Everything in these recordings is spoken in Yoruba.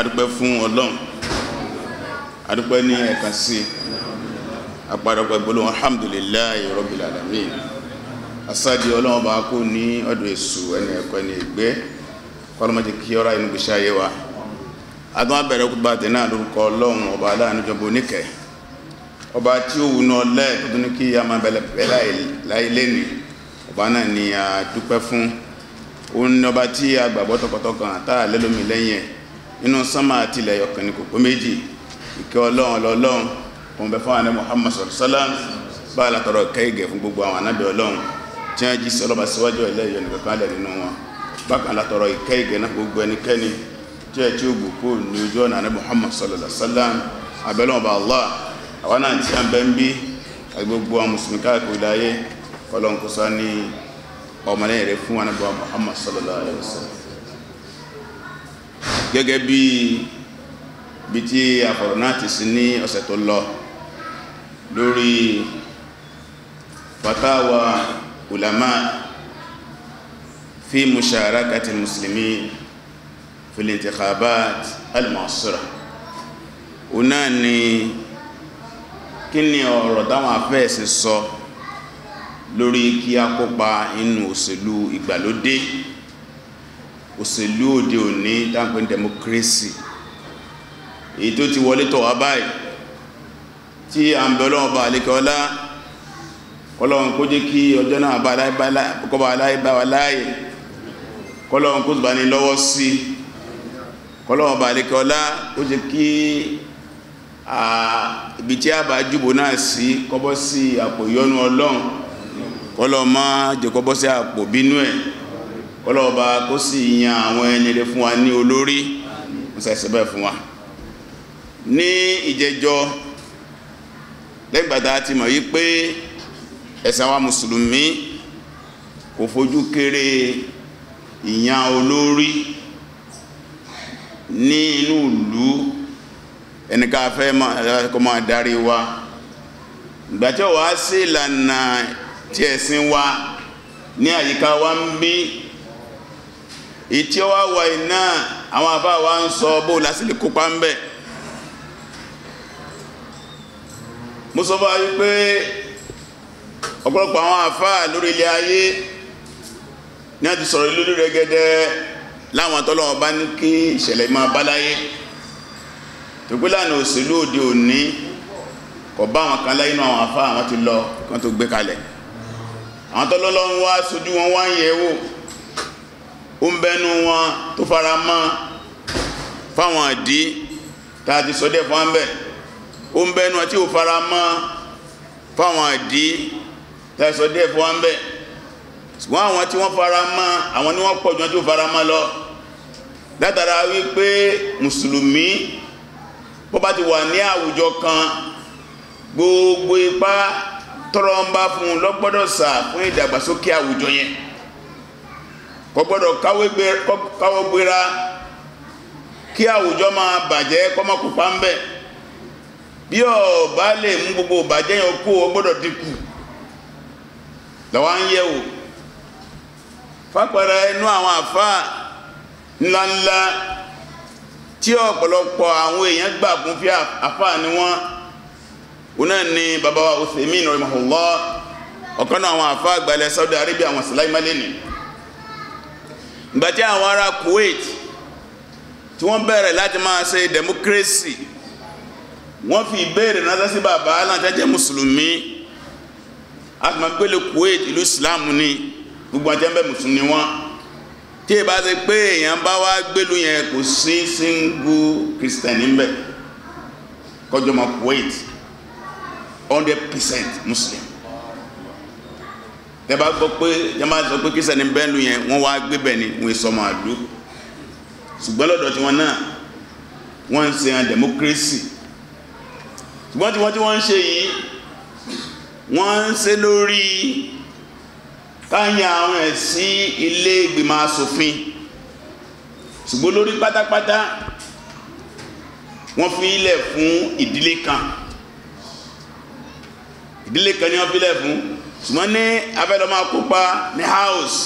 adúpẹ́ fún ọlọ́run adúpẹ́ ní ẹ̀ka sí apàdọ̀pẹ́ gbólóhùn alhamdulillahi rabbil alamin ọlọ́run bá kó ní ọdún èṣù ẹni ẹ̀kọ́ ẹni ẹgbẹ́ kọ́lọ́mọ́jì kí ọ́rá inú gbèsè ayé wa agbọ́n abẹ̀rẹ̀ lórúkọ ọlọ́run ọba ọba tí ó wù náà lẹ́ẹ̀ ní kí a máa bẹ̀rẹ̀ a dúpẹ́ fún nínú sánmà àti ilẹ̀ ọ̀kan ní kòkó méjì ìkẹ́ ọlọ́run lọ́lọ́run òun bẹ fún àwọn Muhammad sallam bá alátọrọ kẹ́ẹ̀gẹ̀ fún gbogbo àwọn anábẹ̀ ọlọ́run tí wọ́n jí sí ọlọ́ba síwájú ilẹ̀ ìyọ̀ nìkan kan lẹ̀ nínú wọn bákan alátọrọ ìkẹ́ẹ̀gẹ̀ náà gbogbo ẹnikẹ́ni tí ẹ̀ tí ó gbòkó ní ojú ọ̀nà ànábì Muhammad sallam abẹ́lọ́wọ̀n bá Allah àwọn náà ti à ń bẹ́ ń bí gbogbo àwọn mùsùlùmí káàkiri láyé kọlọ́nkọ́sá gẹ́gẹ́ bí bí tí àfọ̀rọ̀ náà ti sí ní ọ̀sẹ̀ tó lọ lórí fatawa ulama fi musharakati muslimi fil intikhabat al-mu'assira o náà ni kí ni ọ̀rọ̀ táwọn afẹ́ẹ̀sì sọ lórí kí a kópa inú òṣèlú ìgbàlódé òṣèlú òde òní dáńpé democracy èyí tó ti wọlé tọ̀ wá báyìí tí a ń bẹ ọlọ́run bá àlékẹ́ ọlá kọlọ́run kó jẹ́ kí ọjọ́ náà bá wa láàyè kọlọ́run kó bá ní lọ́wọ́ sí kọlọ́run bá àlékẹ́ ọlá ó jẹ́ kí ibi tí a bá jùbò náà sí kọ́bọ́ sí àpò ìyọ́nú ọlọ́run kọlọ́run má jẹ́ kọ́bọ́ sí àpò bínú ẹ̀ ọlọ́ọ̀bá kó sì yan àwọn ẹnire fún wa ní olórí mọ́sẹ̀sẹ̀ bẹ́ẹ̀ fún wa ní ìjẹjọ lẹ́gbàtà ti mọ̀ yí pé ẹ̀sìn mùsùlùmí kò fojú kéré ìyan olórí ní inú ìlú ẹnìká fẹ́ kọ́ máa darí wa ìgbàtí ọ̀wá sí ìlànà tí ẹ̀sìn wa ní àyíká wa ń bí ìtí ọwá wà iná àwọn àbá wa ń sọ bó lásìlè kópa ń bẹ̀ mo sọ bá wípé ọ̀pọ̀lọpọ̀ àwọn àfá lórí ilé ayé ní àti sọ̀rọ̀ lórí rẹ̀gẹ́dẹ́ láwọn tọ́lọ́wọ́ bá ní kí ìṣẹ̀lẹ̀ máa bá láyé tòpé lánà òṣèlú òde òní kò bá àwọn kan láyé inú àwọn àfá àwọn ti lọ kan tó gbé kalẹ̀ àwọn tọ́lọ́lọ́ ń wá sójú wọn wá ń yẹ̀ wò ó ń bẹnu wọn tó fara mọ́ fáwọn àdí tá a ti sọ dẹ́ fún bẹ́ẹ̀ ó ń bẹnu àti ò fara mọ́ fáwọn àdí tá a sọ dẹ́ fún bẹ́ẹ̀ ṣùgbọ́n àwọn tí wọ́n fara mọ́ àwọn ni wọ́n pọ̀ jù wọn tí ò fara mọ́ lọ látara wípé mùsùlùmí bó bá ti wà ní àwùjọ kan gbogbo ipá tọrọ ń bá fún lọ́gbọ́dọ̀ sà fún ìdàgbàsókè àwùjọ yẹn kò gbọ́dọ̀ káwọ́ gbéra kí àwùjọ máa bàjẹ́ kọ́mọkùpá ń bẹ̀ bí o bá lè mú gbogbo bàjẹ́ yẹn kó o gbọ́dọ̀ dínkù làwọn ń yẹ̀ wò fápẹ̀rẹ̀ inú àwọn àfáà ńláńlá tí ọ̀pọ̀lọpọ̀ àwọn èèyàn gbà fún fí àfáà ni wọ́n òun ni bàbá wa Uthaymin ọ̀kan náà àwọn àfáà gbalẹ̀ Saudi Arabia àwọn sàlámà lẹ́nìí gbàtí àwọn ará Kuwait tí wọ́n bẹ̀rẹ̀ láti máa ṣe democracy wọ́n fi ìbéèrè ránṣẹ́ sí bàbá aláǹtẹ́ jẹ́ mùsùlùmí àtìmọ̀gbélé Kuwait ìlú Islam ni gbogbo àjẹ́ bẹ́ẹ̀ mùsùlùmí wọn tí ìbá ṣe pé èèyàn bá wá gbélu yẹn kò sí single Christian níbẹ̀ kọjọ́ Kuwait 100% Muslim tẹ́bá gbọ́ pé yẹn máa sọ pé kí sẹ́ni bẹ́ẹ̀ lu yẹn wọ́n wá gbé bẹ̀ ni wọ́n sọ máa lu ṣùgbọ́n lọ́dọ̀ tiwọn náà wọ́n ń ṣe democracy ṣùgbọ́n tí wọ́n tí wọ́n ń ṣe yìí wọ́n ń ṣe lórí káyà àwọn ẹ̀ sí ilé ìgbìmọ̀ asòfin ṣùgbọ́n lórí pátápátá wọ́n fi ilẹ̀ fún ìdílé kan ìdílé kan ni wọ́n fi ilẹ̀ fún ṣùgbọ́n ní abẹ́lọ́mọ akópa ní house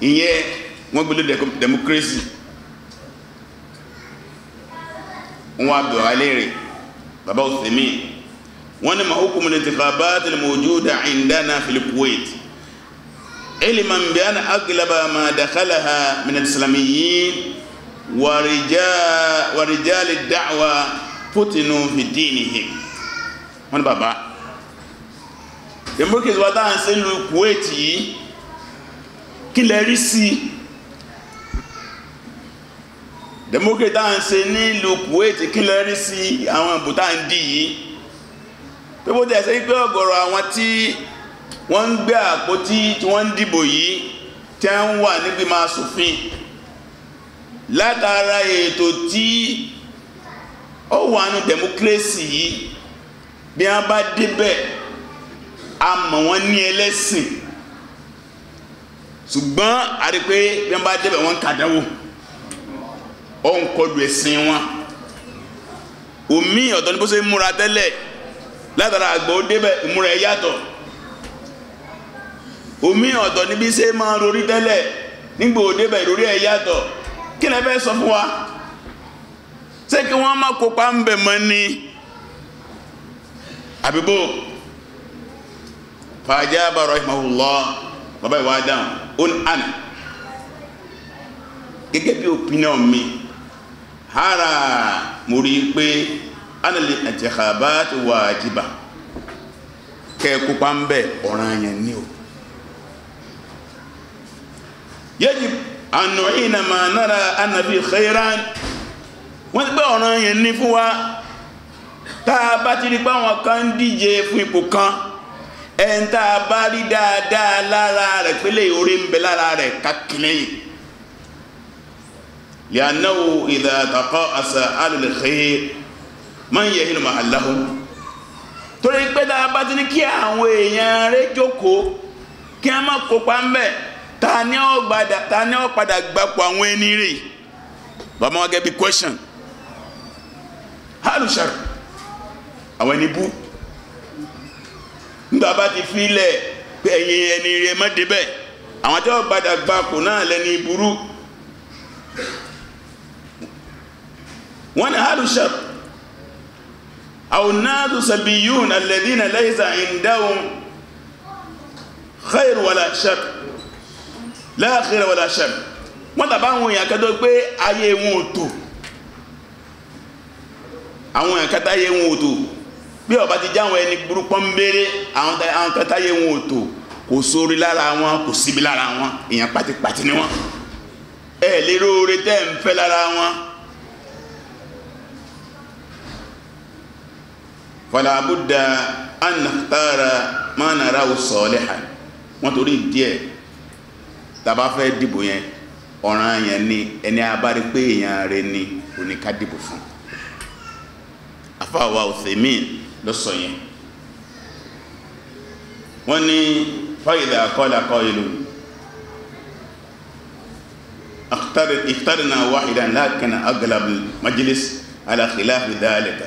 ìyẹn wọ́n gbélé democracy wọ́n wá bẹ̀rẹ̀ alẹ́rẹ̀ bàbá òsèmí wọ́n ní mahukum al-intikhabat al-mawjuda indana fil Kuwait ilman bi anna aghlaba ma dakhalaha min al-islamiyyin wa rijal ad-da'wa futinu fi dinihim wọ́n ní bàbá democracy wa táwọn ṣe ń lu Kuwait yìí kí lẹ rí sí i democracy táwọn ṣe ní lu Kuwait kí lẹ rí sí àwọn ìbò táwọn dì yìí tó bó tẹ̀ ṣe pé ọ̀gọ̀rọ̀ àwọn tí wọ́n ń gbé àpótí tí wọ́n ń dìbò yìí tí wọ́n wà nígbìmọ̀ asòfin látara ètò tí ó democracy yìí bí wọ́n bá débẹ̀ a mọ̀ ní ẹlẹ́sìn ṣùgbọ́n a bí wọ́n bá débẹ̀ wọ́n ẹ̀sìn wọn omi ọ̀tọ̀ ní bó ṣe múra tẹ́lẹ̀ látara àgbà ó débẹ̀ ìmúra omi ọ̀tọ̀ níbi ṣe máa tẹ́lẹ̀ nígbà ó débẹ̀ ẹ̀ yàtọ̀ kí fẹ́ sọ fún wa ṣé fàájábà rahimahullah bàbá ìwà dáhùn ó ní àná gẹ́gẹ́ bí opinion mi hara mo rí i pé anali àjẹkàbá ti wà jìbà kẹ́ẹ̀kópa ń bẹ̀ ọ̀ràn yẹn ní o yẹ́jì ànà ìnàmà nára ànàbí khairan wọ́n ti pé ọ̀ràn yẹn ní fún wa tá bá ti rí pé àwọn kan díje fún ipò kan ẹn tá a bá rí dáadáa lára rẹ̀ pélé orí ń bẹ lára rẹ̀ kakìlẹ́yìn yànáwó ìdàtàkọ́ àṣà alùlẹ̀xẹ́ máa ń yẹ hìnnà màláhù torí pé tá a bá ti ní kí àwọn èèyàn rẹ̀ jókòó kí a má kópa ń bẹ̀ ta ni ó gbapò àwọn ẹni rè bàmọ́ gẹ́gẹ́ question alùsàrù àwọn ẹni bú bàbá ti filẹ̀ pé ẹ̀yin ẹni rẹ̀ má débẹ̀ àwọn tí wọ́n padà gba kò náà lẹ́ni burú wọ́n ní halushab àwònáàdù sàbíyún alẹ́dínà lẹ́yìnsà ìdáhùn khairu wàlá shab láàkírẹ̀ wàlá shab wọ́n tàbá àwọn èèyàn kẹtọ́ pé ayé wọn ò tó àwọn èèyàn kẹtọ́ ayé wọn ò tó bí ọba ti jáwọn ẹni burú pọ́nbéré àwọn kẹtàyé wọn ò tò kò sórí lára wọn kò síbi lára wọn èèyàn pátipàti ni wọn ẹ lérò oore tẹ́ ń fẹ́ lára wọn. fala budda an nakhtara ma narahu salihan wọn torí díẹ̀ tàbá fẹ́ dìbò yẹn ọ̀ràn yẹn ni ẹni abárí pé èèyàn rẹ ni oníkádìbò fún afáwa Uthaymin lọsọ yẹn wọn ní fáyidà kọlà kọlù ìfitarina wàhídà lákàna agalab majalis ala khilafi dhalika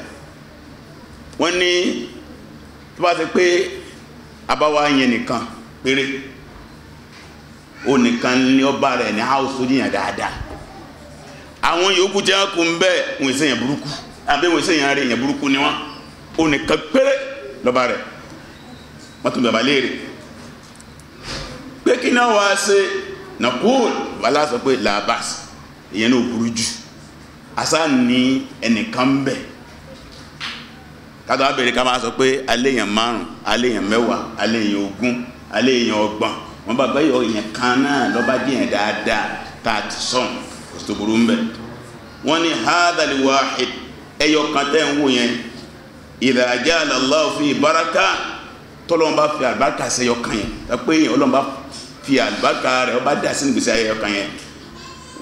wọn ní tó bá ti pé abáwá yẹn nìkan péré onìkan ní ọba rẹ̀ ní house oníyàn dáadáa àwọn yòókù tí wọn kò ń bẹ wọn ìsẹyìn burúkú àbí wọn ìsẹyìn arẹ yẹn burúkú ni wọn. onìkan péré lọ́ba rẹ̀ wọ́n tún bàbá léèrè pé kí sọ pé làbàs ìyẹn náà burú jù àṣà ní ẹnìkan ń bẹ̀ kátó abèrè sọ pé aléèyàn márùn aléèyàn mẹ́wàá aléèyàn ogún aléèyàn ọgbọ̀n wọn bá bẹ́ẹ̀ yọ kan náà lọ́ba díẹ̀ dáadáa tá a ti sọ̀n kò sí wọn ìlàjà àlàlá òfin ìbáraka tọ́lọ́wọ́n bá fi àlùbáríkà sẹ́yọ kan yẹn pé ọlọ́wọ́n bá fi àlùbáríkà rẹ̀ ọba dà sínú gbèsè ayẹyẹ kan yẹn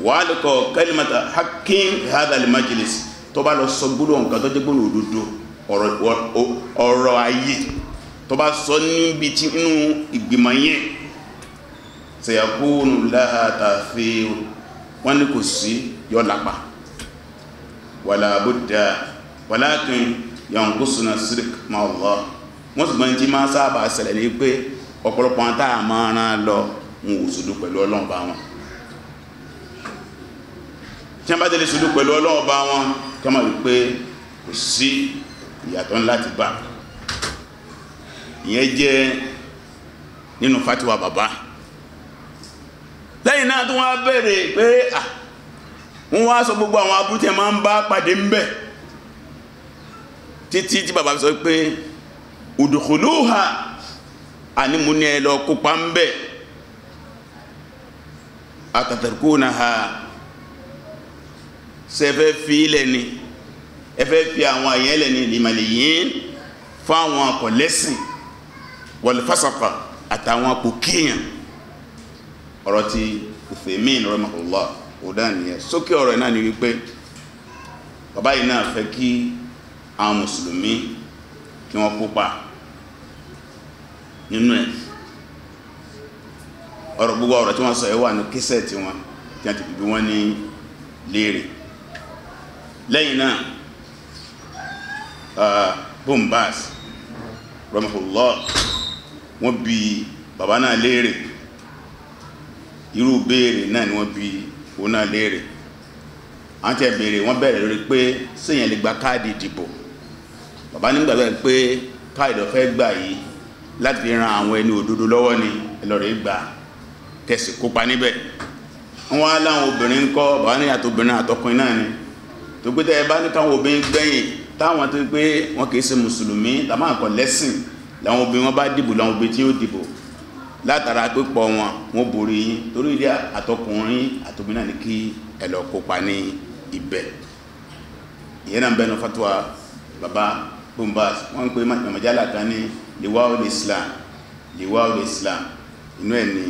wàhálùkọ kẹlímàtà hakim hadal majlis lọ sọ gbólóhùn nǹkan tó jẹ́ òdodo ọ̀rọ̀ ayé tó sọ níbi tí inú ìgbìmọ̀ yẹn sẹ̀yàkúnù láhàtàfẹ́ wọn ni kò sí yọ wàlàbùdà yankusuna sirik ma Allah wọ́n sì gbọ́n tí máa sábà ṣẹlẹ̀ ní pé ọ̀pọ̀lọpọ̀ àwọn a máa rán lọ ń wò sùdú pẹ̀lú ọlọ́run bá wọn tí wọ́n bá tẹ̀lé sùdú pẹ̀lú ọlọ́run bá wọn kí wọ́n rí pé kò sí ìyàtọ̀ ńlá ti bá ìyẹn jẹ́ nínú fatiwa bàbá lẹ́yìn náà tó wọ́n á bẹ̀rẹ̀ pé wọ́n wá sọ gbogbo àwọn abúté máa ń bá pàdé ń bẹ̀rẹ̀ títí tí bàbá sọ pé udkhuluha ànímúni ẹ lọ kópa ń bẹ̀ ha, sẹfẹ́ fi ilẹ̀ ni ẹfẹ́ fi àwọn le ni limaliyin fáwọn akọ̀lẹ́sìn wàlúfàsàkà àtàwọn apòkíyàn ọ̀rọ̀ ti Uthaymin rahimahullah ọ̀dá nìyẹn sókè ọ̀rọ̀ náà ni wípé bàbá yìí náà fẹ́ kí àwọn mùsùlùmí kí wọ́n kópa nínú ẹ̀ ọ̀rọ̀ gbogbo ọ̀rọ̀ tí wọ́n sọ ẹwà ní kíṣẹ́ tí wọ́n tí wọ́n ti bí wọ́n ní léèrè lẹ́yìn náà bombas rahimahullah wọ́n bi bàbá náà léèrè irú béèrè náà ni wọ́n bi òun náà léèrè àwọn wọ́n bẹ̀rẹ̀ lórí pé lè gba káàdì ìdìbò bàbá nígbàgbẹ́ pé káìdọ̀ fẹ́ gbà yìí láti fi ran àwọn ẹni òdodo lọ́wọ́ ni ẹlọ́rẹ̀ gbà kẹsì kópa níbẹ̀ wọ́n á láwọn obìnrin ń kọ́ bàbá ní àtobìnrin àtọkùnrin náà ni tó pé tẹ́ ẹ bá ní káwọn obìnrin gbẹ̀yìn táwọn tó pé wọn kì í ṣe mùsùlùmí tàbá nǹkan lẹ́sìn làwọn obìnrin wọn bá dìbò làwọn obìnrin tí yóò dìbò látara pípọ̀ wọn wọn borí yín torí ilé àtọkùnrin àtobìnrin náà ni kí ẹ ní ibẹ̀ ìyẹn náà bẹnu fatwa baba bombas wọ́n ń pè mọ̀jálà kan ní liwaul islam liwaul islam inú ẹ̀ ni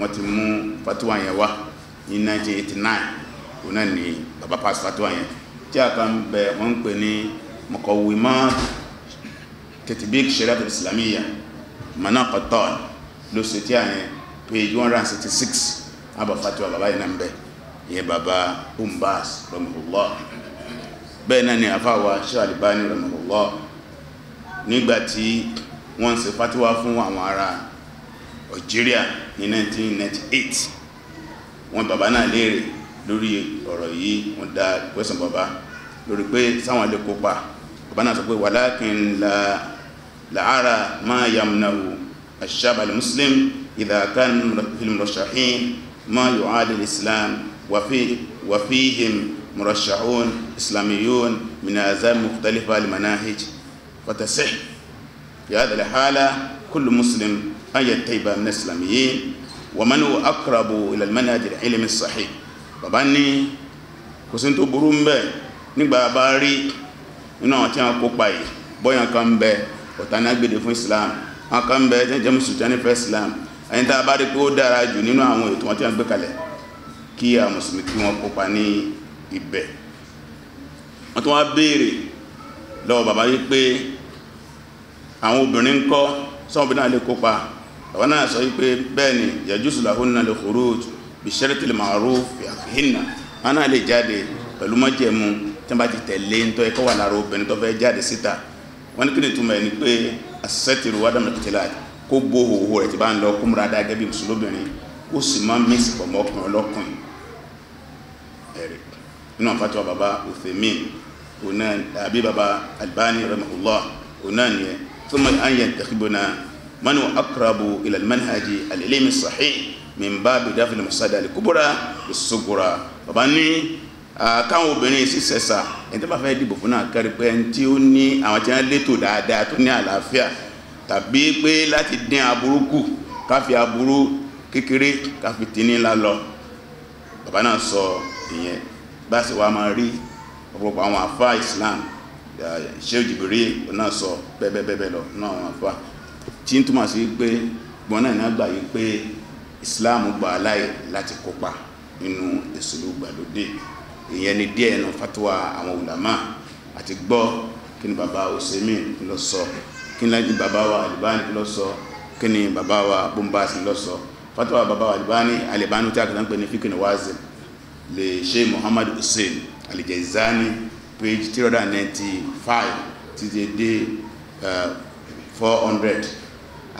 wọ́n ti mú fatuwa yẹn wá ní 1989 òun náà ni baba pass fatuwa yẹn tí a kan bẹ wọ́n ń pè ní mọ̀kọ̀wìmọ́ tètèbík shariat islamiyya mana qatar ló ṣe tí a yẹn page 166 abba fatuwa baba yẹn náà ń bẹ ìyẹn baba bombas rahimahullah bẹ́ẹ̀ náà ni àfáwà ṣàlìbáni rẹ̀mọ̀lọ́ nígbàtí wọ́n ṣe fátíwá fún àwọn ará Algeria ní 1998 wọ́n bàbá náà léèrè lórí ọ̀rọ̀ yìí wọ́n dá ìwẹ́sàn bàbá lórí pé sáwọn lè kópa bàbá náà sọ pé walakin la'ara ma yamna'u ash-shab al-muslim idha kana fil-murashahin ma yu'adil islam wa مرشحون إسلاميون من أذاب مختلفة المناهج وتصح في هذه الحالة كل مسلم أن يتيب من الإسلاميين ومن هو أقرب إلى المنهج العلمي الصحيح bàbá ní kò sí tó burú ń bẹ̀ nígbà bá rí nínú àwọn tí wọ́n kópa yìí bọ́yàn kan ń bẹ ọ̀tánágbèdè fún Islam wọn kan ń bẹ jẹ́jẹ́ mùsùlùmí fẹ́ Islam ẹni tá a bá rí pé ó dára jù nínú àwọn ètò wọn tí wọ́n gbé kalẹ̀ kí a mùsùlùmí kí wọ́n kópa ní ibẹ̀ wọ́n tún wá béèrè lọ́wọ́ bàbá yìí pé àwọn obìnrin ń kọ́ sọ́ọ̀bìnrin náà lè kópa bàbá náà sọ wípé bẹ́ẹ̀ ni yajuzu lahunna lil khuruj bi shartil ma'ruf fi àfihìnà wọn náà lè jáde pẹ̀lú májẹ̀mú tí wọ́n bá ti tẹ̀lé ń tọ́ ẹ̀kọ́ wà lára obìnrin tó fẹ́ jáde síta wọ́n ní kí ni túmọ̀ ẹ̀ ni pé as-satiru adamu al-qitila kó bo òwò rẹ̀ tí bá ń lọ kó múra dáa gẹ́gẹ́ bí mùsùlùmí ó sì máa mí sí pọ̀ mọ́ ọkùnrin ọlọ́kùnrin ẹ̀rẹ̀ nínú àfàtúwà bàbá Uthaymin ọ̀nà àbí bàbá Albani rahimahullah ọ̀nà nìyẹn thumma an yantakhibuna man huwa aqrabu ila al-manhaji al-ilmi as-sahih min babi dafi al-mafsada al-kubra bis-sughra bàbá ní káwọn obìnrin sì sẹ̀sà ẹni tó bá fẹ́ dìbò fún náà kárí pé ẹni tí ó ní àwọn tí wọ́n létò dáadáa tó ní àlàáfíà tàbí pé láti dín aburú kù káfi aburú kékeré káfi tì lọ bàbá náà sọ ìyẹn bá sì wá máa rí ọ̀pọ̀lọpọ̀ àwọn àfáà Islam ṣé eh, òjìbìrí náà sọ bẹ́ẹ̀bẹ́ẹ̀ lọ náà àwọn àfáà tí ń túmọ̀ sí pé gbọ́n náà náà gbà pé Islam gbà láì láti kópa nínú ìṣèlú gbàlódé ìyẹn ni díẹ̀ nù fatwa àwọn ulama àti gbọ́ kí ni bàbá òsèmí lọ sọ kí ni bàbá wa alibani lọ sọ kí ni bàbá wa Bombas lọ sọ fatwa baba wa alibani alibani tí a kìí ń pè ní fíkì ní wáàzì le Sheikh Muhammad Hussein Al-Jaizani page 395 títí dé 400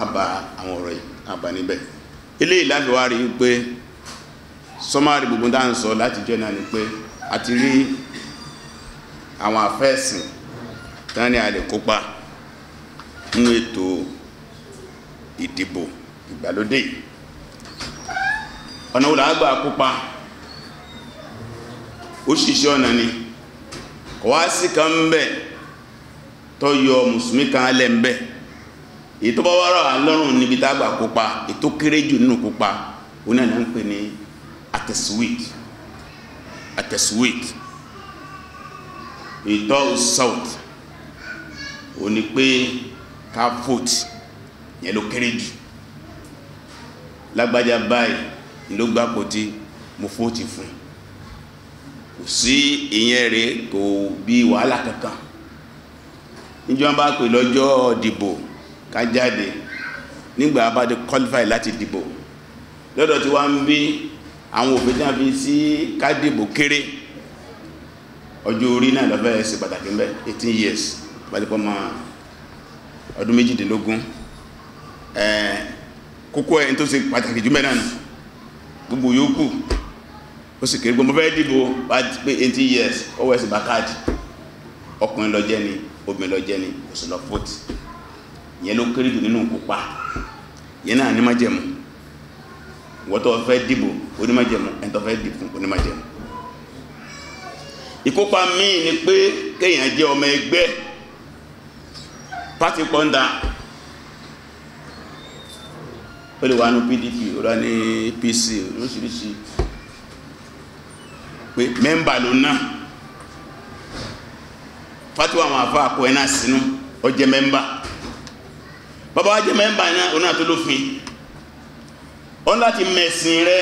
àbá àwọn ọ̀rọ̀ yìí àbá níbẹ̀ eléyìí láti wá rí pé sọmárì gbogbo dá ń sọ láti jẹ́ náà ni pé a ti rí àwọn àfẹ́sìn tán ní a kópa nínú ètò ìdìbò ìgbàlódé ọ̀nà kópa oṣiṣi ọ̀nà ni kọ̀wá sí kan ń bẹ̀ tó yọ mùsùlùmí kan lẹ̀ ń bẹ̀ èyí tó bá wá rọ̀ lọ́rùn níbi tá a gbà kópa ètò kéré jù nínú kópa òun ń pè ní atẹ̀síwìt atẹ̀síwìt ìtọ́ south ni pé ká vote yẹn ló kéré jù lágbájá báyìí ló gbà pòtí mo fóòtì fún un kò sí ìyẹn rẹ̀ kò bí wàhálà kankan níjọ́ pè lọ́jọ́ dìbò ká nígbà bá qualify láti dìbò lọdọ tí wá ń bí àwọn òfin tí fi sí ká kéré orí náà pàtàkì 18 years balẹ̀kọ́ ma ọdún méjìdínlógún kókó ẹ̀ tó ṣe pàtàkì jù náà gbogbo yòókù ó sì kéré gbogbo fẹ́ dìbò bá pé eighty years ó wẹ̀ sí bá káàdì ọkùnrin lọ jẹ́ ni obìnrin lọ jẹ́ ni kò sì lọ vote yẹn ló kéré jù nínú kópa yẹn náà ní májẹ̀mú wọ́tọ̀ fẹ́ dìbò onímájẹ̀mú ẹ̀ńtọ́ fẹ́ dìbò onímájẹ̀mú ìkópa míì ni pé kéèyàn jẹ́ ọmọ ẹgbẹ́ pátì pọ́ńdà ó lè wà nù PDP ó lọ ní PC oríṣiríṣi pé mẹ́mbà ló náà fatiwa àwọn afa akọ ẹ̀ náà sínú ó jẹ́ mẹ́mbà bàbá wa jẹ́ mẹ́mbà náà ó náà tó lófin ó ń láti mẹ̀sìn rẹ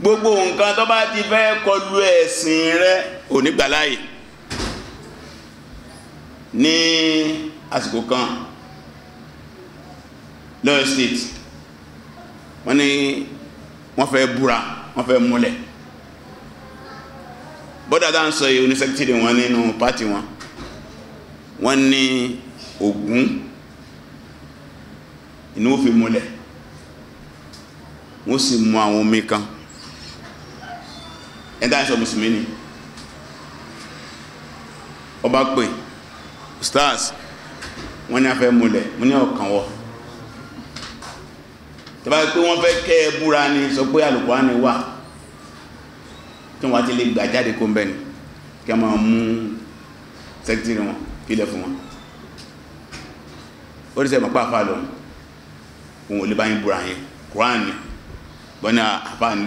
gbogbo nǹkan tó bá ti fẹ́ kọlu ẹ̀sìn rẹ ò ní gbàláyè ní àsìkò kan lọ́yọ̀ state wọ́n ní wọ́n fẹ́ búra wọ́n fẹ́ múlẹ̀ bọ́dà dá ń sọ yìí onísẹ́kítìrì wọn nínú pátì wọn wọ́n ní Ògún inú ó fi múlẹ̀ wọ́n sì mú àwọn omi kan ẹ̀dá ìṣọ́ mùsùlùmí ni ọba pè stars wọ́n ní afẹ́ múlẹ̀ wọ́n ní ọ̀kan wọ́ tẹ́bá pé wọ́n fẹ́ kẹ́ ẹ búra ni sọ pé àlùkò á ní wà tí wọ́n ti lè gbà jáde kó ń bẹ̀ ni kí wọ́n máa mú sẹ́kítírì wọn fílẹ̀ fún wọn ó rí sẹ́mọ̀ pàápàá lọ òun ò lè bá yín búra yẹn Quran ni bọ́n ní àfà ń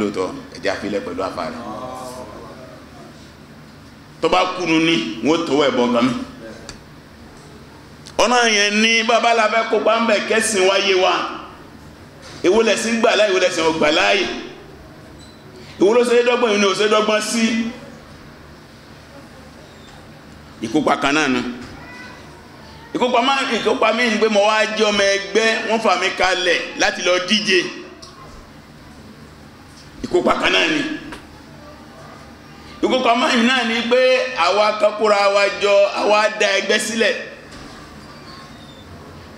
ẹ̀jẹ̀ àfilẹ̀ pẹ̀lú àfà rẹ̀ tó bá kúnu ní wọ́n tó ẹ̀bọ̀ gan mi ọ̀nà yẹn ní babalá fẹ́ kópa ń wáyé wa èwo lẹ̀sìn gbà láàyè èwo lẹ̀sìn ọgbà láàyè ìwọ ló ṣe dọ́gbọ́n yìí ni ò ṣe dọ́gbọ́n sí ìkópa kan náà nu ìkópa máa ìkópa mi ni pé mo wá jẹ́ ọmọ ẹgbẹ́ wọ́n fà mí kalẹ̀ láti lọ díje ìkópa kan náà ni ìkópa máa mi náà ni pé àwa kankura wa jọ àwa dá ẹgbẹ́ sílẹ̀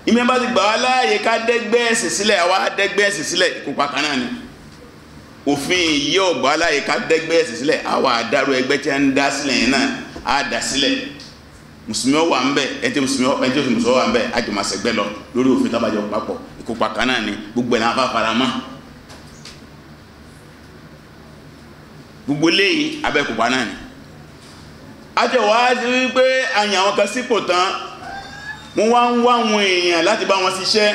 ìmẹ́bàá ti gbà wá láàyè ká dẹ́gbẹ́ ẹ̀sìn sílẹ̀ àwa dẹ́gbẹ́ ẹ̀sìn sílẹ̀ ìkópa kan náà ni òfin yìí ọ̀gbà aláyè ká dẹ́gbẹ́ ẹ̀sìn sílẹ̀ àwọn àdárò ẹgbẹ́ tí a ń dá sílẹ̀ yìí náà á dá sílẹ̀ mùsùlùmí ọ̀wà ń bẹ̀ ẹni tí mùsùlùmí ẹni tí mùsùlùmí ọ̀wà ń bẹ̀ àjùmọ̀sẹ̀gbẹ́ lọ lórí òfin tábàjọ papọ̀ ìkópa kan náà ni gbogbo ẹ̀ náà bá fara mọ́ gbogbo léyìí abẹ́kùpa náà ni. àjẹwò á ti rí pé àyàn àwọn kan sípò tán wọ́n wá ń wá àwọn èèyàn láti bá wọn ṣiṣẹ́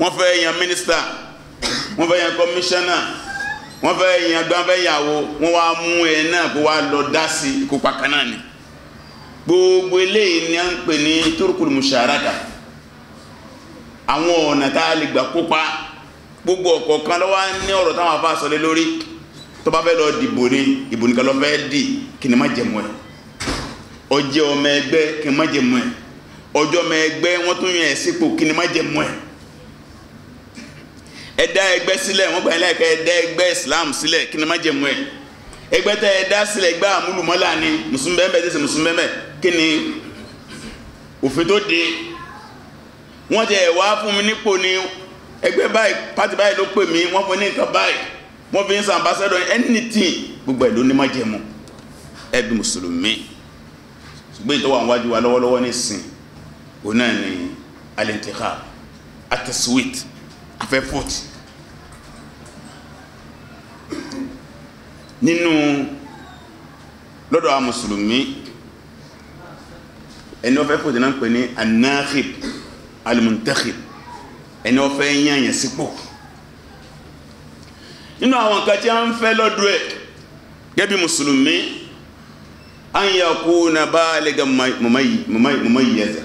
wọ́n fẹ́ yan mínísítà wọ́n fẹ́ yan kọmíṣánná wọ́n fẹ́ yan gbọ́n fẹ́ yàwó wọ́n wá mú ẹ náà kó wá lọ dá sí ikú pàkan náà ni gbogbo eléyìí ni à ń pè ní turkul musharaka àwọn ọ̀nà tá a lè gbà kópa gbogbo ọ̀kọ̀ọ̀kan ló wà ní ọ̀rọ̀ táwọn afá sọ lé lórí tó bá fẹ́ lọ dìbò ní ìbò nìkan ló fẹ́ dì kí ni má jẹ̀mú ẹ̀ ọjẹ́ ọmọ ẹgbẹ́ kí ni má jẹ̀mú ẹ̀ ọjọ́ ọmọ ẹgbẹ́ wọ́n tún yàn ẹ̀ sípò kí ni má jẹ̀mú ẹ̀ ẹ̀dá ẹgbẹ́ sílẹ̀ wọ́n gbà yín láyé pé ẹ̀dá ẹgbẹ́ Islam sílẹ̀ kí ni má jẹ̀mú ẹ̀ ẹgbẹ́ tẹ ẹ̀dá sílẹ̀ ẹgbẹ́ àmúlùmọ́lá ni mùsùlùmí bẹ́ẹ̀ bẹ́ẹ̀ tẹ̀sí mùsùlùmí bẹ́ẹ̀ kí ni òfin tó de wọ́n ti ẹ̀ wá fún mi nípò ni ẹgbẹ́ báyìí pátì báyìí ló pè mí wọ́n fún ní nǹkan báyìí wọ́n fi ń sàn ambassador anything gbogbo ẹ̀ ló ní má jẹ̀mú ẹbí mùsùlùmí ṣùgbọ́n ìtọ́wà wájú wa lọ́wọ́lọ́wọ́ ní sìn òun náà ni al-intikhab at-taswit afẹ́ fọ́tì nínú lọ́dọ̀ àwọn mùsùlùmí ẹni ó fẹ́ fọ́tì náà ń pè ní anáhib alimuntakhib ẹni ó fẹ́ yányàn sípò nínú àwọn nǹkan tí a ń fẹ́ lọ́dọ̀ ẹ̀ gẹ́bí mùsùlùmí an yakuna baligan mumayyiza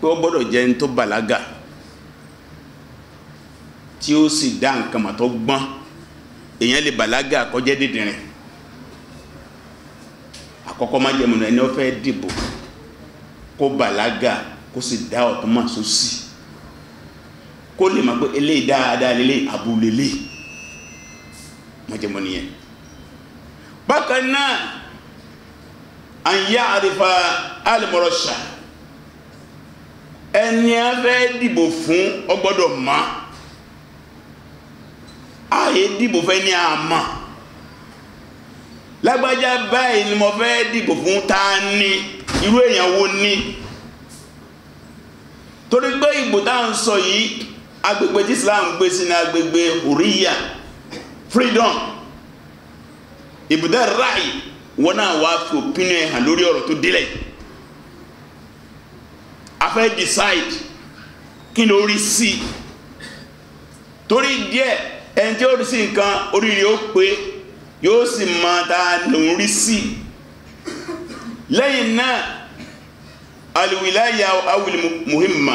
pé ó gbọ́dọ̀ jẹ́ ní tó bàlágà tí ó sì dá nǹkan mọ̀ tó gbọ́n èèyàn lè bàlágà kọjá dídìrín àkọ́kọ́ má jẹ́ mọ̀nà ẹni ó fẹ́ dìbò kó bàlágà kó sì dá ọ̀tún mọ̀ sósì kó lè mọ̀ pé eléyìí dáadáa lélẹ̀ àbúlélẹ̀ má jẹ́ mọ̀nà yẹn bákan náà àyà àrífà alìmọ̀rọ̀ṣà ẹni a fẹ́ dìbò fún ọ gbọ́dọ̀ mọ̀ ààyè dìbò fẹ́ ní àmà lágbájá báyìí ni mo fẹ́ dìbò fún ta ni irú èèyàn wo ni torí pé ìbò tá à ń sọ yìí agbègbè Islam gbé sí ní agbègbè huriya freedom ìbùdó ráì wọn náà wa fi òpinnu ẹ̀ lori lórí ọ̀rọ̀ tó délẹ̀ yìí. a decide kí ló rí sí torí díẹ̀ ẹni tí ó rí sí nǹkan oríire ó pé yóò sì mọ ta lòún rí sí lẹ́yìn náà alwilaya awil muhimma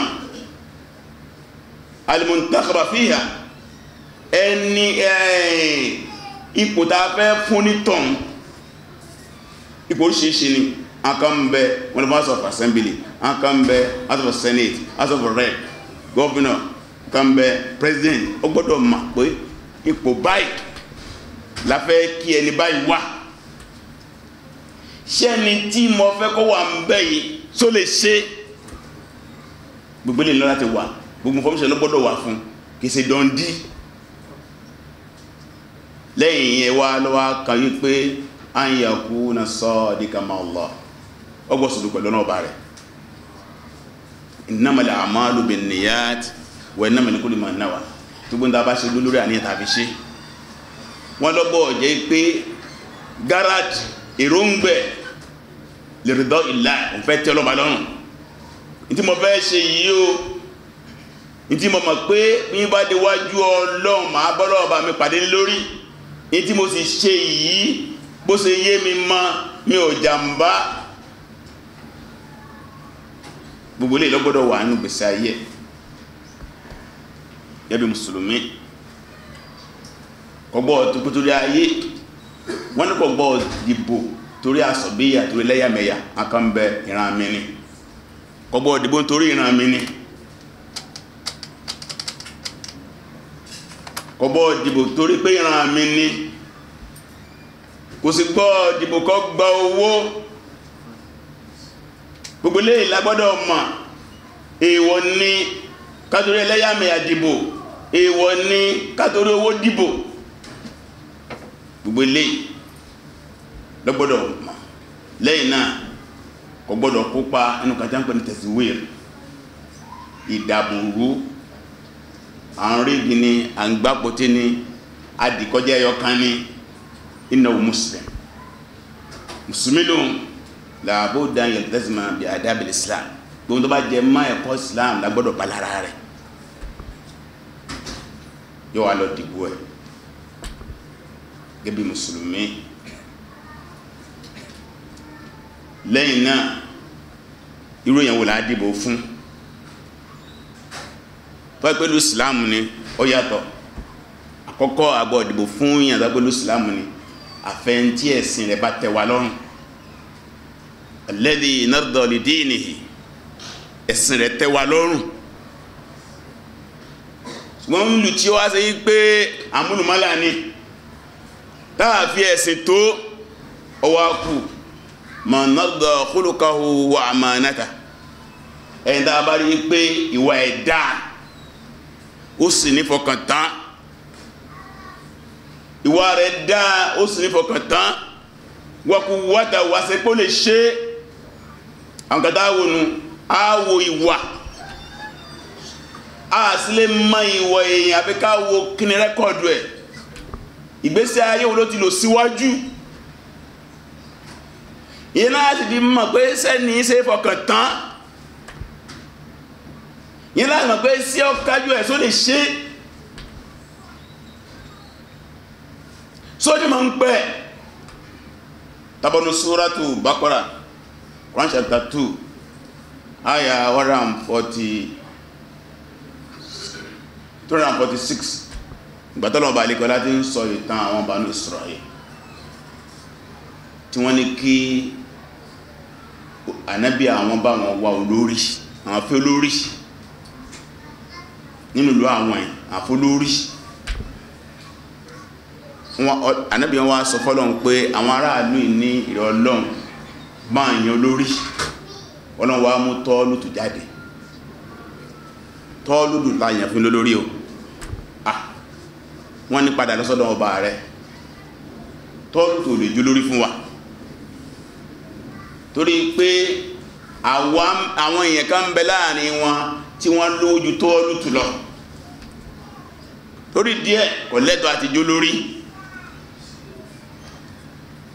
alimuntakaba fiha ẹni eh, ipò tá a fẹ́ fún ní tọ̀hún ipò oríṣiríṣi ni. Eh, an kan bɛ wọn b'a sɔrɔ assembly an kan bɛ a sɔrɔ senate a sɔrɔ rep governor kan bɛ president ó gbọ́dọ̀ mọ̀ pé ipò báyìí la fẹ́ kí ẹni báyìí wá sẹ́ni tí mo fẹ́ kó wà ń bẹ̀ yìí tó lè ṣe gbogbo ènìyàn láti wà gbogbo information ló gbọ́dọ̀ wà fún kì í ṣe dọ́ndí yẹn wá lọ́wọ́ kan yí pé an yakuna sadiqa ma Allah ọgbọ́n sì dúpẹ́ lọ́nà ọba rẹ̀ innamal a'malu binniyat wa innamal likulli man nawa gbogbo nígbà bá ṣe lólórí àníyàn tàbí ṣe wọn lọ́gbọ́ ọ̀jẹ́ pé gáràjì èròǹgbẹ̀ lè rí dọ́ ìlà òun fẹ́ tẹ́ ọlọ́ba lọ́rùn ntí mo fẹ́ ṣe yìí o ntí mo mọ̀ pé bí n bá dé wájú ọlọ́run màá bọ́lọ́ ọba mi pàdé lórí ntí mo sì ṣe yìí bó ṣe yé mi mọ́ mi ò jàǹbá gbogbo eléyìí lọ́gbọ́dọ̀ wà nínú gbèsè ayé yẹbi mùsùlùmí kọgbọ́ tó torí ayé wọ́n ní kọgbọ́ dìbò torí àsọ̀bíyà torí lẹ́yàmẹ̀yà akọ́ńbẹ ìran mi ni kọgbọ́ dìbò torí ìran mi ni kọgbọ́ dìbò torí pé ìran mi ni kò sì gbọ́ dìbò kọ́ gba owó gbogbo ilé ìlagbọ́dọ̀ mọ̀ èèwọ̀ ni kátorí ẹlẹ́yàmẹ̀yà dìbò èèwọ̀ ni kátorí owó dìbò gbogbo ilé lọ́gbọ́dọ̀ mọ̀ lẹ́yìn náà kò gbọ́dọ̀ kópa inú kàtà ń pè ní tẹ̀síwìr ìdàbùrú à ń ni adìkọjẹ́ ẹyọ ní inú muslim mùsùlùmí lòun làbó dan yẹn tẹsán bí adábìlì islam gbogbo tó bá jẹ má ẹ̀kọ́ islam la gbọ́dọ̀ balara rẹ̀ yóò wá lọ dìbò ẹ̀ gẹ́bí mùsùlùmí lẹ́yìn náà irú yẹn wò la dìbò fún fún ẹgbẹ́lu islam ni ó yàtọ̀ àkọ́kọ́ àgbọ̀ dìbò fún yẹn àgbẹ̀lu islam ni àfẹ́ntí ẹ̀sìn rẹ̀ bá tẹ̀ wá lọ́rùn alladhi narda li dinihi ẹ̀sìn rẹ̀ tẹ́ wa lọ́rùn ṣùgbọ́n ń lù tí ó wá ṣe yí pé àmúlùmọ́là ni táàfi ẹ̀sìn tó ọwọ́ kù ma narda khuluqahu wa amanata ẹ̀yìn tá bá rí pé ìwà ẹ̀ ó sì ní fọkàn ìwà rẹ̀ dáa ó sì ní fọkàn tán wọ́n sí pé ó lè ṣe é àwọn kan tá a wò nu a wo ìwà a sì lè mọ ìwà èèyàn àfi ká wo kíni rẹ́kọ̀dù ẹ̀ ìgbésí ayé wo ló ti lò síwájú ìyẹn náà sì fi mọ̀ pé sẹ́ni ṣe fọkàn tán ìyẹn náà mọ̀ pé sí ọ̀kájú ẹ̀ só lè ṣe sódì ń pẹ́ tabọ́nu suratu Baqara. Quran chapter 2 ayah 140 246 ìgbàtọ́lọ̀ ọba àlekọ láti ń sọ ìtàn àwọn Banu Israel tí wọ́n ní kí ànábì àwọn bá wọn wá olórí àwọn afẹ́ olórí nínú ìlú àwọn àfẹ́ olórí ànábì wọn wá sọ fọ́lọ́n pé àwọn aráàlú ní ìrọ̀lọ́run máa yan olórí ọlọ́run wa mú tọ́lùtù jáde tọ́lùtù láyàn fún lólórí o ah wọ́n ní padà lọ́sọ́dọ̀ ọba rẹ̀ tọ́lùtù lè jú lórí fún wa torí pé àwọn èèyàn kan ń bẹ láàrin wọn tí wọ́n lójú tọ́lùtù lọ torí díẹ̀ kò lẹ́tọ̀ọ́ àti jó lórí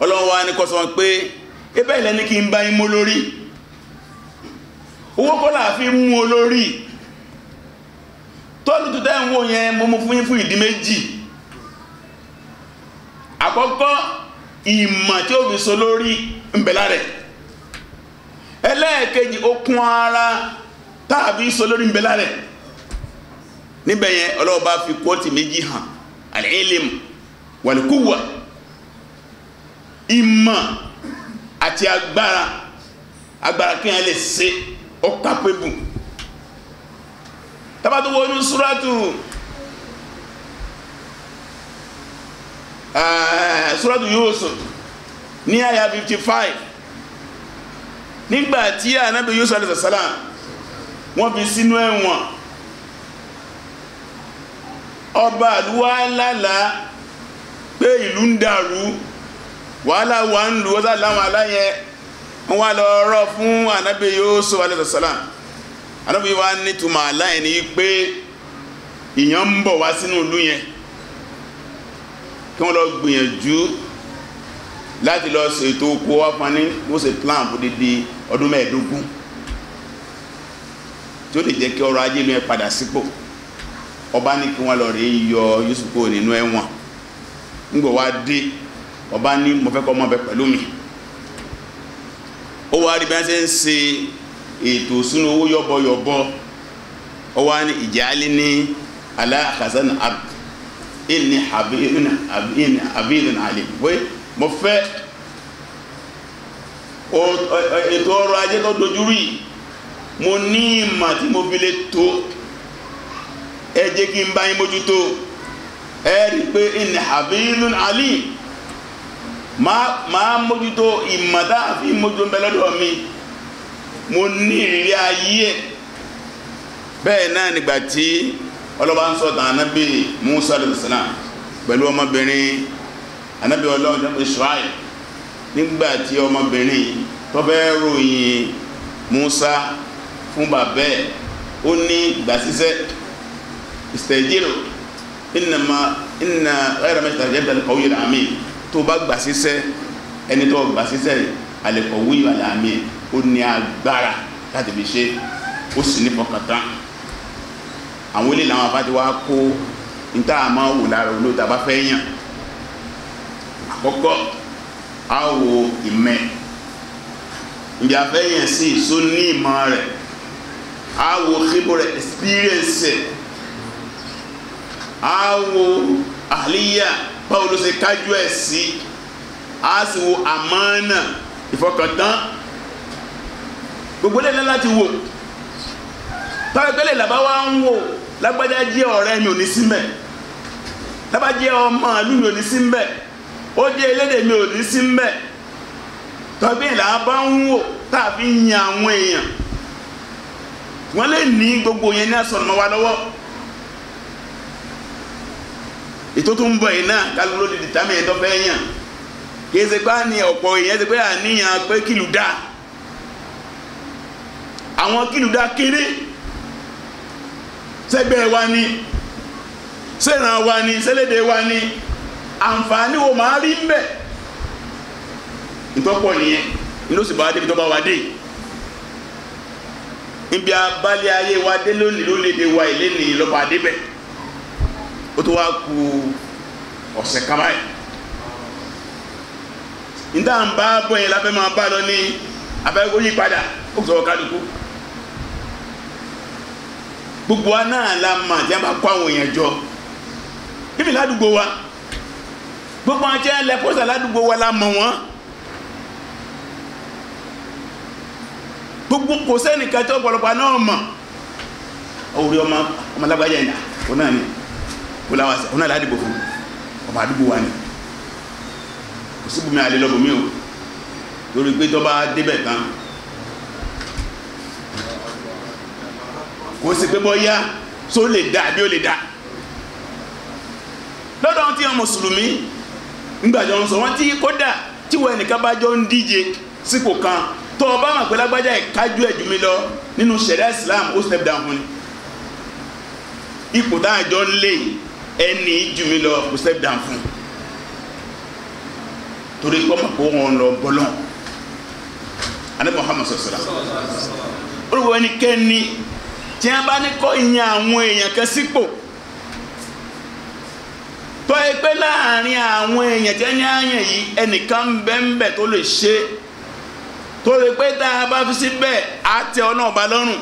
ọlọ́run wa ní kọ́sọ́ pé ebe ilẹ̀ ní kí n bá yín mú owó kọ́lá fi mú olórí tọ́lù tó tẹ́ ń wò yẹn mo fún fún ìdí méjì àkọ́kọ́ ìmọ̀ tí ó so lórí rẹ̀ ẹlẹ́ẹ̀kejì okun ara tàbí so lórí ńbẹ̀lá rẹ̀ níbẹ̀ fi kóòtì méjì hàn al ìmọ̀ àti agbára agbára kí wọn lè ṣe ó kápébù tabatu wo inú suratu eh, suratu Yusuf ní àyà fifty five nígbà tí anabi Yusuf alayhi salam wọ́n fi sínú ẹ̀wọ̀n ọba àlùwà pé ìlú ń dàrú. wàhálà wà ń lu ọ́sà láwọn aláyẹ wọ́n wà lọ rọ́ fún anábì Yusuf alayhi salam anábì wa nítumọ̀ aláyẹ ni pé ìyàn ń bọ̀ wá sínú ìlú yẹn kí wọ́n lọ gbìyànjú láti lọ ṣètò oko wá fún ọdún mẹ́ẹ̀ẹ́dógún tí ó lè jẹ́ kí yẹn padà sípò ọba ní kí wọ́n lọ rí yọ nínú ẹ̀wọ̀n wá dé ọba ní mo fẹ́ kọ́ ọmọ bẹ pẹ̀lú mi ó wá rí bí wọ́n ṣe ń ṣe ètò ìṣúná owó yọ̀bọ̀yọ̀bọ̀ ó wá ní ìjàálí ní aláàkàsán ìní àbíyìn àlè pé mo fẹ́ ètò ọrọ̀ ajé tó dojúrú yìí mo ní ìmọ̀ tí mo fi lè tó ẹ jẹ́ kí n bá yín mójútó ẹ rí i pé ìní àbíyìn àlè máa mójútó ìmọ̀tá àfi mójútó ń bẹ lọ́dọ̀ mi mo ní ìrírí ayé ẹ̀ bẹ́ẹ̀ náà nígbà tí ọlọ́ba ń sọ̀tàn anábì Musa alayhisalaam pẹ̀lú ọmọbìnrin anábì ọlọ́run jẹ́ Israel nígbà tí ọmọbìnrin tó fẹ́ ròyìn Musa fún bàbá ẹ̀ ó ní gbàsísẹ́ ìsẹ̀jìrò ìnàmà ìnà ẹ̀rọ mẹ́ta jẹ́ bẹ̀rẹ̀ kọ́wé rà mí tó bá gbà síṣẹ́ ẹni tó gbà síṣẹ́ àlẹ́kọ̀ wíyọ àlàmì ó ní agbára láti fi ṣe ó sì ní fọkàntán àwọn ilé làwọn afáàtì wa kó níta àmọ́ wò lára olóòtú àbá fẹ́ yàn àkọ́kọ́ a wo ìmẹ́ ìbí afẹ́ yàn sí ìsó ní ìmọ̀ rẹ̀ a wo kíbo rẹ̀ experience a wo àlíyà báwo ló ṣe kájú ẹ̀ sí a sì wo àmánà ìfọkàntán gbogbo lẹ́yìn láti wò tọ́lẹ̀pẹ́lẹ̀ làbá wa ń wò lágbájá jẹ́ ọ̀rẹ́ mi ò ní sí mbẹ̀ lábá jẹ́ ọmọ ìlú mi ò ní sí mbẹ̀ ó jẹ́ elédè mi ò ní sí mbẹ̀ tọ́lẹ̀pẹ́lẹ̀ làbá ń wò tá a fi ń yan àwọn èèyàn wọ́n lè ní gbogbo yẹn ní àsọ̀nù wa lọ́wọ́ ètò tó ń bọ̀ yìí náà kálukú ló di dìtámì ẹ̀dọ́ fẹ́ yàn kìí ṣe pé àní ọ̀pọ̀ èèyàn ṣe pé àníyàn pé kìlù dá àwọn kìlù dá kéré sẹ́gbẹ́ wa ni sẹ́ràn wa ni sẹ́lédè wa ni àǹfààní wo máa rí ń bẹ̀ ntọ́pọ̀ nìyẹn ní ló sì bá wa débi tó bá wa dé ibi abalẹ̀ ayé wa dé lónìí ló lè dé wa ìlénìí lọ́pàá débẹ̀ o tó wá ku ọ̀sẹ̀ kan báyìí níta ń bá bọ̀ yẹn lábẹ́ máa bá lọ ní abẹ́kó yí padà ó sọ̀rọ̀ kálukú gbogbo wa náà la mà tí a bá kó àwọn èèyàn jọ ibi ládùúgbò wa gbogbo àwọn tí a lẹ pọ́sà ládùúgbò wa la mọ̀ wọ́n. gbogbo kò sẹ́nìkan tí ọ̀pọ̀lọpọ̀ náà mọ̀ òwúrẹ́ ọmọ ọmọlágbájá ìdá òun náà ni ó láwọn àṣẹ òun náà ládìbò fún ọmọ àdúgbò wa ni kò sí bùnmi àlè lọ́bùnmi o lórí pé tọ́ba débẹ̀ tán kò sí pé bọ́yá tó lè dá àbí ó lè dá lọ́dọ̀ wọn ti hàn mùsùlùmí ńgbàjọ ń sọ wọn tí kódà tí wọn ẹnìkan bá jọ ń díje sípò kan tó o bá mọ̀ pé lágbájá ìkájú ẹ̀jú mi lọ nínú ṣẹ̀ríà Islam ó step down fún ni ipò táwọn ìjọ ń lé yìí ẹni jù mí lọ kò sẹ́ dàn fún torí kọ́ mọ̀ kó wọn lọ bọ́lọ́ ani Muhammad sọ̀sọ̀ra olùwọ́ ẹnikẹ́ni tí wọ́n bá ní kọ́ ìyẹn àwọn èèyàn kan sípò tọ́ ẹ pé láàrin àwọn èèyàn tí wọ́n yàn yìí ẹnìkan bẹ́ẹ̀ tó lè ṣe tó lè pé tá a bá fi síbẹ̀ á tẹ ọ náà bá lọ́rùn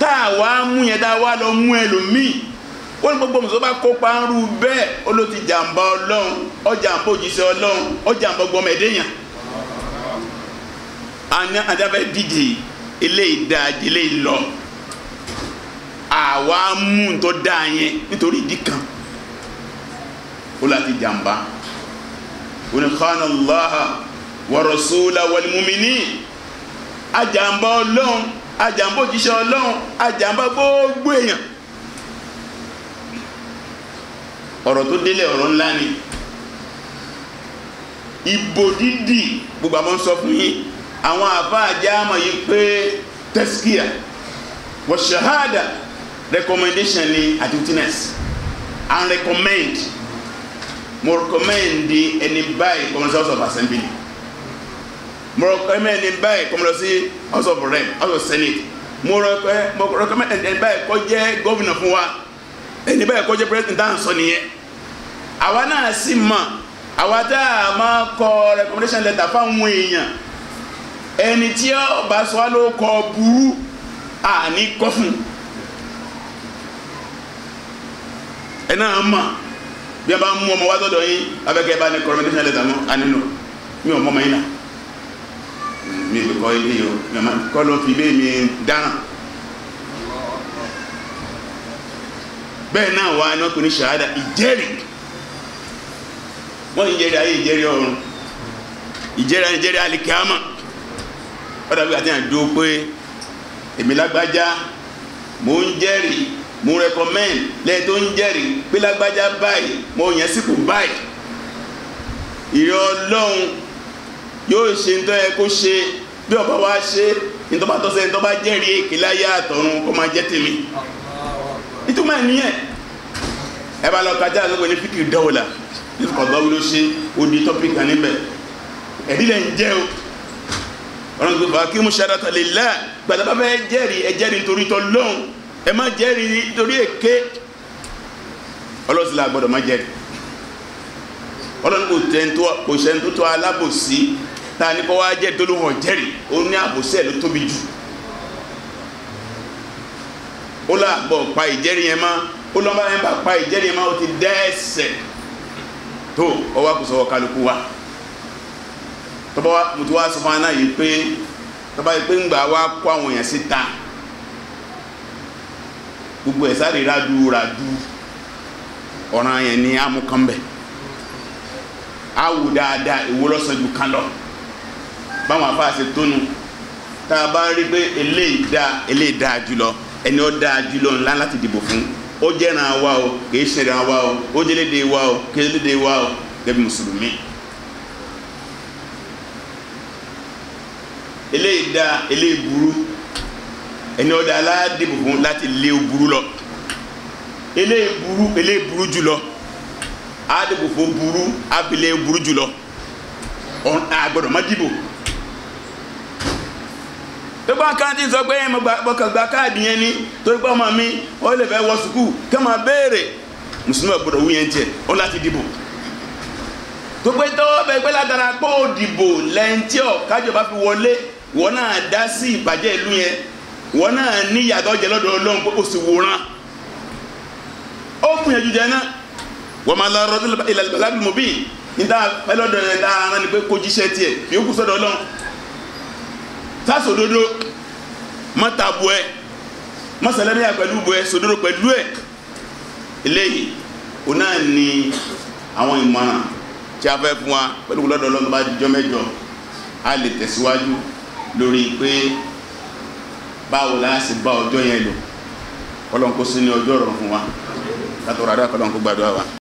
tá a wá mú yẹn tá a wá lọ mú ẹlòmíì ó ní gbogbo mùsùlùmí bá kópa ń rú bẹ́ẹ̀ ó ló ti jàǹbá ọlọ́run ọjàǹbá òjíṣẹ́ ọlọ́run ọjàǹbá gbọmọdéyàn àná àdáfẹ́ díje eléyìí dáadé eléyìí lọ àwa mú tó dáa yẹn nítorí ìdí kan ó láti jàǹbá ó ní kánà láha wàrọ̀sọ́lá wàlímùmíní àjàǹbá ọlọ́run àjàǹbá òjíṣẹ́ ọlọ́run àjàǹbá gbogbo èèyàn ọ̀rọ̀ tó délẹ̀ ọ̀rọ̀ ńlá ni ìbò dídì gbogbo àwọn sọ fún yín àwọn àfáà jáàmọ̀ yìí pé tẹ́síkìá wọ́n recommendation ni attentiveness and recommend mo recommend ẹni báyìí community house of assembly mo recommend ẹni báyìí community house of rep house of senate mo recommend ẹni báyìí kó jẹ́ gómìnà fún wa ẹni eh, bẹ́ẹ̀ kó jẹ́ president tá à ń sọ nìyẹn àwa náà sì mọ̀ àwa tá a máa kọ recommendation letter fáwọn èèyàn ẹni tí ó bá sọ wá ló kọ burú àní kọ́ fún ẹ náà mọ̀ bí a bá mú ọmọ wá sọ́dọ̀ yín abẹ́kẹ́ bá ní recommendation letter mọ́ ànínú mi ò mọ́ yín náà mi ò kọ́ ilé yìí o kọ́ ló fi bẹ́ẹ̀ mi dáhùn. bẹ́ẹ̀ náà wà ní ọkùnrin ṣahada ìjẹ́rìí wọ́n ìjẹ́rìí ayé ìjẹ́rìí ọ̀run ìjẹ́rìí ayé ìjẹ́rìí alikiyama ó dàbí àti àjò pé èmi lágbájá mò ń jẹ́rìí mo recommend lẹ́yìn tó ń jẹ́rìí pé lágbájá báyìí mo yàn sípò báyìí ìrẹ́ ọlọ́run yóò ṣe nítorí ẹ kó ṣe bí ọba wa ṣe nítorí bá tọ́sẹ̀ nítorí bá jẹ́rìí èkìláyà àtọ̀run kó máa jẹ́ tèmi ìtumọ̀ nìyẹn ẹ bá lọ kájà lọ́gbọ̀n ní fíkì dọ́wọ́là yusuf ọ̀dọ́wọ́ ló ṣe odi tọ́pìkì kan níbẹ̀ ẹ̀dí lẹ̀ ń jẹ́ o ọ̀rọ̀ gbogbo akí mú ṣàdàtà lè la gbàdàbà bẹ́ẹ̀ jẹ́rìí ẹ jẹ́rìí nítorí tọ́ lọ́hùn ẹ má jẹ́rìí nítorí èké ọlọ́sìn la gbọ́dọ̀ má jẹ́rìí ọlọ́run kò tẹ́ntọ́ kò ṣẹ́ntọ́ alábòsí tá a ní kọ́ wá jẹ́ dolóhùn ọ̀jẹ́rìí ó ní àbòsí ẹ̀ ló tóbi jù ó là bọ̀ pa ìjẹ́rìí yẹn mọ́ ó lọ́ bá yẹn bá pa ìjẹ́rìí yẹn mọ́ ó ti dẹ́ẹ̀sẹ̀ tó ọwọ́ kò sọ̀wọ́ kálukú wa tọ́ba mo ti wá sọ fún wa náà yìí pé tọ́ba yìí pé ń gbà wá kó àwọn èèyàn síta gbogbo ẹ̀ sáré ràdú ràdú ọ̀ràn yẹn ní amúkànbẹ̀ awù dáadáa ìwọlọ́sàn ju kan lọ báwọn afáàṣẹ tónu tá a bá rí pé eléyìí dáa eléyìí dáa jùlọ ẹni ó dáa jùlọ ńlá láti dìbò fún ó jẹ́ràn wa o kìí ṣẹ̀ràn wa o ó jẹ́lédè wa o kìí jẹ́lédè wa o gẹ́gẹ́ bí mùsùlùmí. eléyìí da eléyìí burú ẹni ó dáa aládìbò fún láti lé o burú lọ eléyìí burú eléyìí burú jùlọ àdìbò fún burú abilé burú jùlọ àgbọ̀dọ̀ má dìbò gbogbo nǹkan tí ń sọ pé mọ̀kàngbà káàdì yẹn ni torí pé ọmọ mi ó lè fẹ́ wọ sùkúù kí wọ́n máa béèrè mùsùlùmí ọ̀gbọ́dọ̀ wú yẹn tiẹ̀ ó láti dìbò gbogbo ìtọ́wọ́ bẹ gbé látara pé ó dìbò lẹ́ńtí ọ̀ kájọba fi wọlé wọn náà dá sí ìbàjẹ́ ìlú yẹn wọn náà ní ìyàtọ̀ jẹ lọ́dọ̀ ọlọ́run pé ó sì wòran ó fún yẹn jùjẹ náà wọ́n máa lọ rọ́ọ̀dún ìlàlùbọ̀lá sásòdodo mọ́tàbù ẹ mọ́sálẹ́dẹ́yà pẹ̀lú bu ẹ sòdodo pẹ̀lú ẹ eléyìí òun náà ni àwọn ìmọ̀ràn tí a fẹ́ fún wa pẹ̀lú lọ́dọ̀ ọlọ́run bá jọ mẹ́jọ a lè tẹ̀síwájú lórí pé báwo la ṣe bá ọjọ́ yẹn lò ọlọ́run kó sí ní ọjọ́ ọ̀rọ̀ fún wa látọ̀rọ̀ àdúrà kọlọ́run gbàdúrà wa.